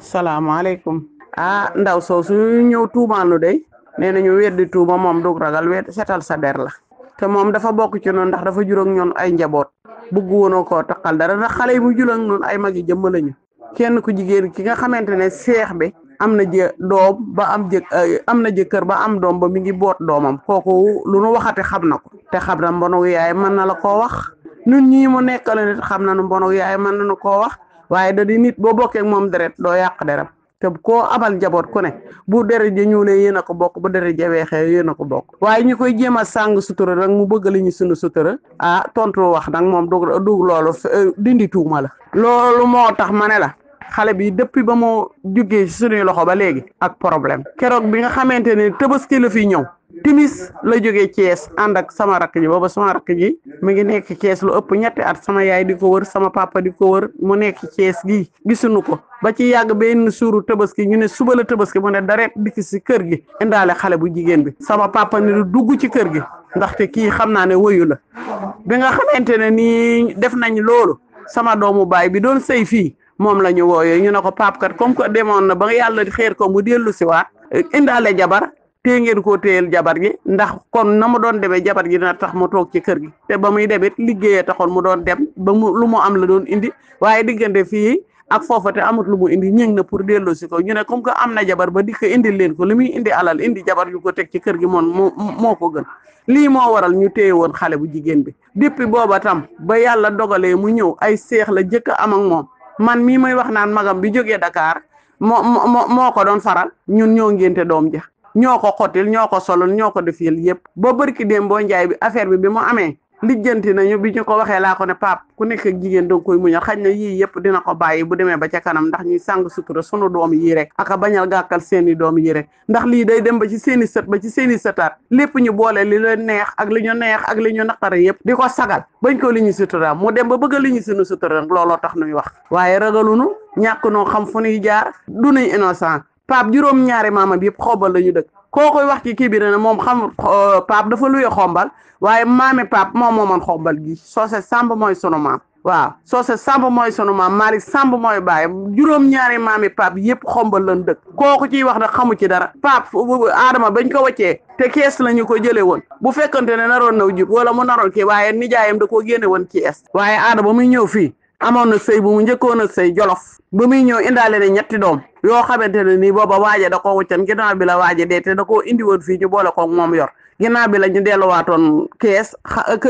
salaamaaleykum ah ndaw soosu ñëw tuumaal nu day nee nañu weddi tuuma moom dug ragal wet setal sa der la te moom dafa bokk ci noonu ndax dafa jur ak ñoon ay njaboot bëgg woonoo koo taqal dara ndax xale yi mu jur ak ay mag yi jëmm lañu kenn ku jigéen ki nga xamante ne seex bi am na jë doom ba am jë eh, am na jëkkër ba am doom ba mi ngi boot doomam kooku lu nu waxate xam na ko te xam na mbonu yaay mën na la koo wax ñun ñii mu nekkal nit xam na nu mbono yaay mën na nu wax waaye da di nit boo bokkeek moom deret doo yàq deram te koo abal njaboot ku ne bu deret ja ñuulee yéen a ko bokk bu deret ja weexee yéen ko bokk waaye ñu koy jéem a sàng sutura nag mu bëgg li ñu sunu sutura ah tontu wax nag moom du du loolu euh, dindi tuuma la loolu moo tax ma ne la xale bi depuis ba moo jugee ci sunuy loxo ba léegi ak problème keroog bi nga xamante ne tabaski la fi ñëw timis la jógee Thiès ànd sama rakk ji booba sama rakk ji mu ngi nekki cees lu ëpp ñetti at sama yaay di ko wër sama papa di ko wër mu nekk cees gi gisuñu ko ba ci yàgg benn suuru tabaski ñu ne suba la tabaski mu ne dareet dikk si kër gi indaale xale bu jigéen bi sama papa ni du dugg ci kër gi ndaxte kii xam naa ne woyu la bi nga xamante ne nii def nañ loolu sama doomu baay bi doon sëy fii moom la ñu wooyee ñu ne ko paapkat comme que demoon na ba yàlla xeer ko mu dellu si indaale jabar téye ngeen koo téyel jabar gi ndax kon na mu doon demee jabar gi dina tax mu toog ci kër gi te ba muy demit liggéeye taxoon mu doon dem ba mu lu mu am la doon indi waaye diggante fii ak foofa te amut lu mu indi ñëng na pour delloo si ko ñu ne comme que am na jabar ba dikk indil leen ko li muy indi alal indi jabar yu ko teg ci kër gi moon moo moo ko gën lii moo waral ñu téye woon xale bu jigéen bi depuis booba tam ba yàlla dogalee mu ñëw ay seex la jëkk am ak moom man mii may wax naan magam bi jógee Dakar moo moo ko doon faral ñun ñoo ngénte doom ja ñoo ko xotil ñoo ko solul ñoo ko defil yëpp ba barki déem boo njaay bi affaire bi bi mu amee lijjanti nañu bi ñu ko waxee laa ko ne pap ku nekk ak jigéen danga koy muñal xañ na yii yëpp dina ko bàyyi bu demee ba ca kanam ndax ñuy sàng sutura sunu doom yii yi rek a bañal gàkkal seeni doom yi rek ndax lii day dem ba ci seeni sët ba ci seeni sëtaat lépp ñu boole li leen neex ak li ñu neex ak li ñu naqare yëpp di ko sagal bañ ko li ñu sutura mu dem ba bëgg li ñu sunu sutura looloo tax nuy wax waaye ragalunu ñàkk noo xam fu nuy jaar du nuy innocent pape juróom-ñaari maamam yëpp xombal la ñu dëkk koo koy wax ci kii bi ne moom xam euh, pape dafa luye xombal waaye maame pape moom moo man xombal gi soose sàmb mooy sunu maam waaw soose sàmb mooy sunu maam Malick sàmb mooy baay juróom-ñaari maami pape yëpp xombal lañ dëkk kooku ciy wax nag xamu ci dara pape Adama bañ ko wàccee te kees la ñu ko jëlee woon bu fekkante ne naroon na jub wala mu naroon kii waaye nijaayam da koo génne woon ci es waaye Adama muy ñëw fii amoon na mu njëkkoon a sëy jolof ba muy ñëw indaale ne doom yoo xamante ne nii booba waaje da koo wuccan ginnaaw bi la waaje dee te da koo indi woon fii ñu boole kook moom yor ginnaaw bi la ñu delluwaatoon kees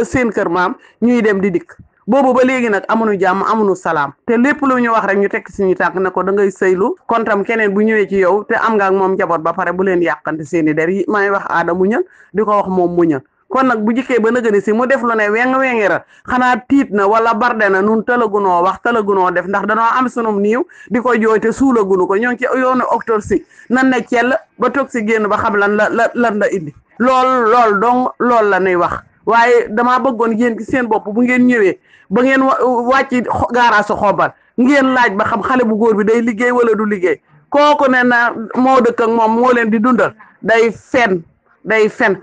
seen kër maam ñuy dem di dikk boobu ba léegi nag amuñu jàmm amu nu salaam te lépp lu ñu wax rek ñu tekk ñu tànk ne ko da ngay sëylu kontam keneen bu ñëwee ci yow te am nga ak moom njaboot ba pare bu leen yàqante seeni i der yi may wax aada mu ñël di ko wax moom mu muñal kon nag bu jikkee ba nëgëni si mu def lu ne weng wengeera xanaa tiit na wala barde na nun talagunoo wax talagunoo def ndax danoo am sunum niiw di ko jooy te suulagunu ko ñoo ngi ci yoonu octobre si nan ne cell ba toog si génn ba xam lan la la lan la indi lool lool dong lool la nuy wax waaye damaa bëggoon yéen ci seen bopp bu ngeen ñëwee ba ngeen wàcc gaaraasu xobal ngeen laaj ba xam xale bu góor bi day liggéey wala du liggéey kooku ne na moo dëkk ak moom moo leen di dundal day fen day fen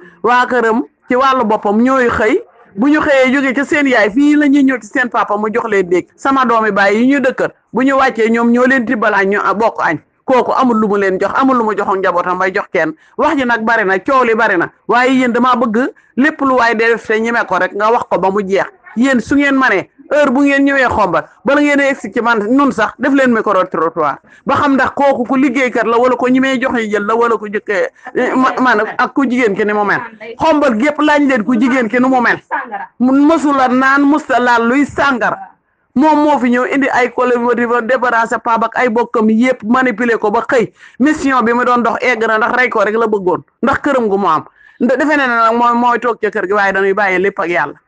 ci wàllu boppam ñooy xëy bu ñu xëyee jóge ci seen yaay fii la ñuy ñëw ci seen papa mu jox leen dégg sama doomi baay yi ñu dëkkër bu ñu wàccee ñoom ñoo leen tibbal añ ñu bokk añ kooku amul lu leen jox amul lu mu njabootam bay jox kenn wax ji nag bari na coow li bari na waaye yéen damaa bëgg lépp lu waay de def te ñeme ko rek nga wax ko ba mu jeex yéen su ngeen manee heure bu ngeen ñëwee xombal bala ngeen a egsi man nun sax def leen micro trottoir ba xam ndax kooku ku liggéey liggéeykat la wala ko ñi may joxe jël la wala ko jëkkee eh, man ak ku jigéen ki ni mu mel xombal gépp laaj leen ku jigéen ki ni mu mel mësula naan musta laal luy sàngara moom moo fi ñëw indi ay collaborateur débarrassé Pape ak ay bokkam yépp manipuler ko ba xëy mission bi mu doon dox egg na ndax rey ko rek la bëggoon ndax kërëm gu mu am defe ne nag mooy mooy toog ca kër gi waaye dañuy bàyyi lépp ak yàlla